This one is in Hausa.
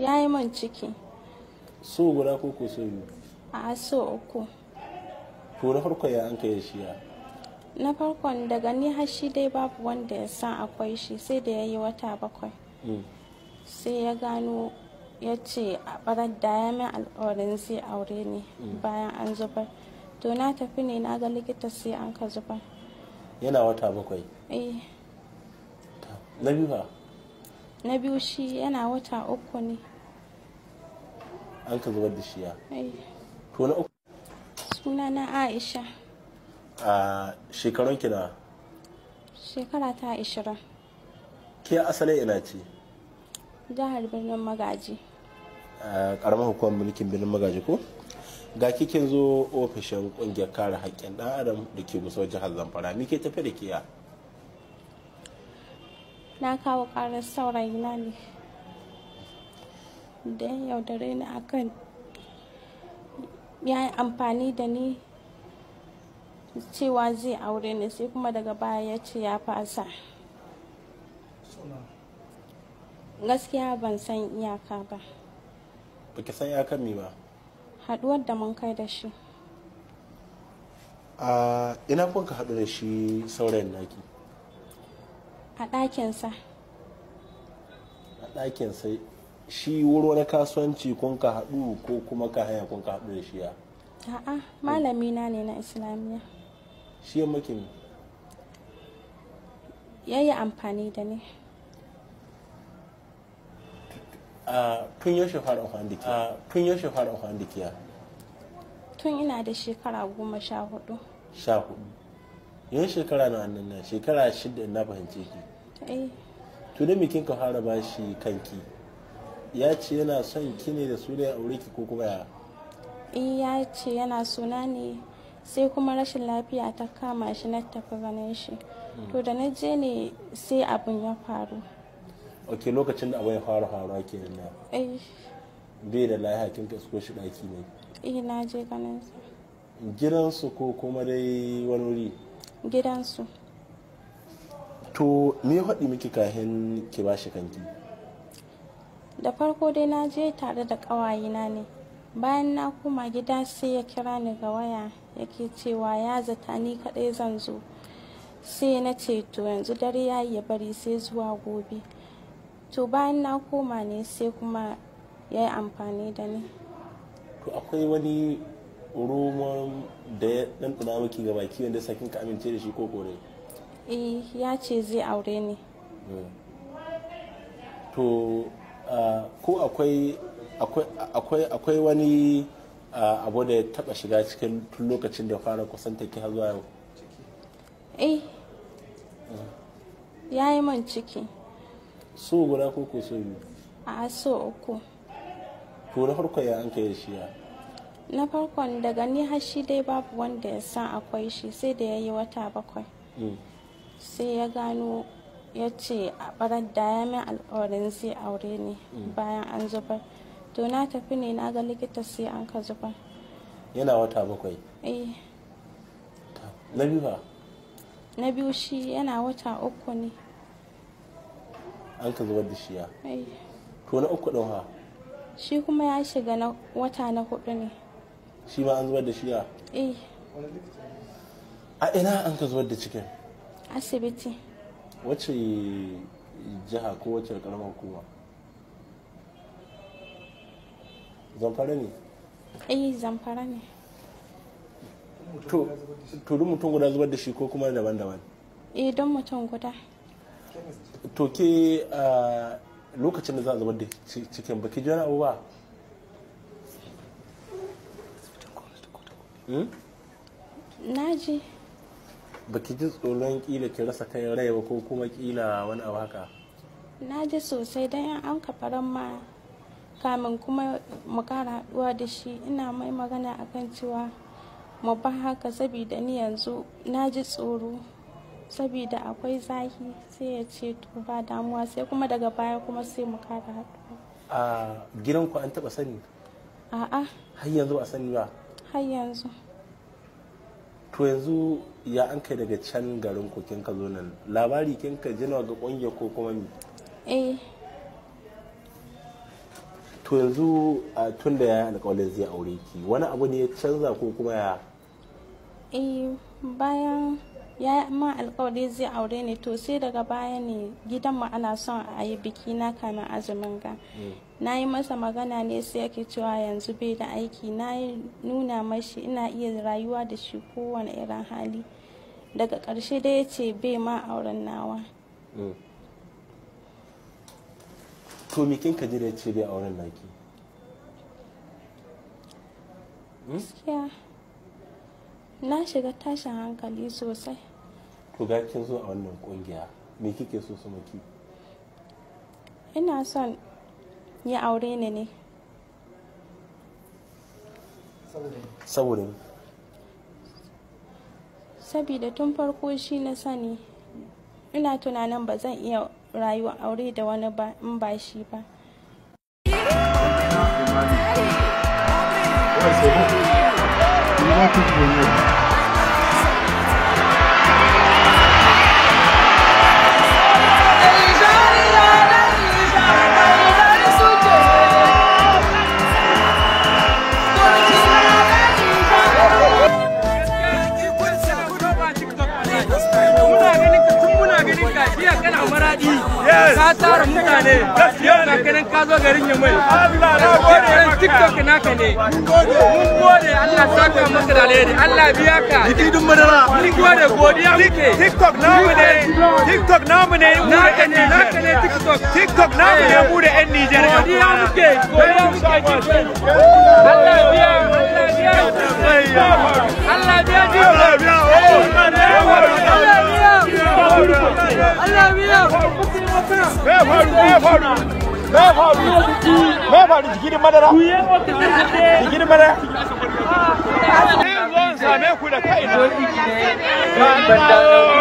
ya yi man ciki so guda ko ko so biyu a so uku to na farko ya an kai ya. na farkon daga ni har shi dai babu wanda ya san akwai shi sai da ya yi wata bakwai mm. sai ya gano ya ce a barar da ya min alkawarin zai aure ne mm. bayan an zubar to na tafi ne na ga likita sai an ka zubar yana wata bakwai eh na biyu na biyu shi yana wata uku ne an ka zubar da shi ya to na uku suna na aisha a shekarun kina shekara ta ashirin ke asalin ina ce jihar birnin magaji a karamar hukumar mulkin birnin magaji ko ga kikin zo ofishin kungiyar kare haƙƙin ɗan adam da ke gusau jihar zamfara ni ke tafi da kiya na kawo saurayi saurayina ne da ya yaudare ni akan ya yi amfani da ni cewa zai aure ni sai kuma daga baya ya ce ya fasa gaskiya ban san iyaka ba baki san iyakan mi ba haduwar da mun kai da shi a ina kuka haɗu da shi saurayin naki a ɗakinsa a ɗakinsa shi wuri wani kasuwanci kun ka haɗu ko kuma ka haya kun ka haɗu da shi ya a'a malami na ne na islamiyya shi ya maki ne ya yi amfani da ne a tun yaushe fara amfani da kiya tun yaushe fara amfani da kiya tun ina da shekara goma sha hudu sha hudu yan shekara na annan na shekara shida na fahimce ki eh. to da mikin ka fara ba shi kanki ya ce yana son ki ne da sunan aure ki ko kuma ya eh, ya ce yana suna ne sai kuma rashin lafiya ta kama shi na tafi ganin shi hmm. to da na je ne sai abun ya faru ok lokacin da abun ya fara faruwa ke nan eh. bai da lahiya kin ka so shi daki ne eh na je ganin sa gidansu ko kuma dai wani wuri gidansu to me haɗi miki kahin ki ba shi kanki da farko dai na je tare da ƙawayena ne bayan na koma gida sai ya kira ni ga waya yake cewa ya zata ni kaɗai zan zo sai na ce to yanzu dare ya yi ya bari sai zuwa gobe to bayan na koma ne sai kuma ya yi amfani da ni to akwai wani roman da ya ɗanɗana maki ga baki wanda ya sakin ka amince da shi ko kore eh ya ce zai aure ni to ko akwai akwai akwai wani abu da ya taba shiga cikin tun lokacin da fara kusanta ki har zuwa yau eh ya yi man ciki so guda ko ko so biyu a so uku to na farko ya an kai shi ya na farkon daga ni har shi dai babu wanda ya san akwai shi sai da ya yi wata bakwai mm. sai ya gano ya ce a barar da ya min alkawarin zai aure ne mm. bayan an zubar to na tafi ne na ga likita sai an ka zubar yana wata bakwai eh. na biyu ba na biyu shi yana wata uku ne an ka zubar da shiya eh. to na uku ɗauka shi kuma ya shiga na wata na hudu ne shi ma an zubar da shi a eh. a ina an ka zubar da cikin asibiti wacce jiha ko wacce karamar kowa. zamfara ne eh zamfara ne to duk mutum guda zubar da shi ko kuma daban-daban eh don mutum guda to ke lokacin da za a zubar da cikin baki jana uba. Hmm? na ji ki ji tsoron kila ki rasa kai rai ba ko kuma kila wani abu haka na sosai don yan an kafaran ma kamin kuma mu kara haduwa da shi ina mai magana a kan cewa mu ba haka saboda ni yanzu na tsoro saboda akwai zahi sai ya ce to ba damuwa sai kuma daga baya kuma sai mu kara haduwa a gidanku an taba sani a'a har yanzu ba sani ba har yanzu to yanzu ya an kai daga can garin ku kin ka zo nan labari kin ka jina ga kungiya ko kuma mi eh to yanzu a tun da ya alƙawarin zai aure ki wani abu ne ya canza ko kuma ya eh bayan ya yi amma alkawari zai aure ne to sai daga baya ne gidanmu ana son a yi biki na kana azumin ga na yi masa magana ne sai yake cewa yanzu bai da aiki na yi nuna mashi ina iya rayuwa da shi kowane irin hali daga ƙarshe da ya ce bai ma auren nawa to me kin ka ce bai auren naki na shiga tashin hankali sosai to ga kin zo a wannan kungiya me kike so su maki ina son ya aure ni ne saboda saboda tun farko shi na sani ina tunanin ba zan iya rayuwa aure da wani ba in ba shi ba Thank you. daɗi ka tara mutane na ganin ka zo garin yamai kiran tiktok naka ne mun gode Allah saka maka da alheri Allah biya ka hididin madara mun gode godiya muke tiktok namu ne tiktok namu ne mu da yan naka ne tiktok tiktok namu ne mu da yan Nijar godiya muke godiya muke Allah biya me madara jikirin madara same ku da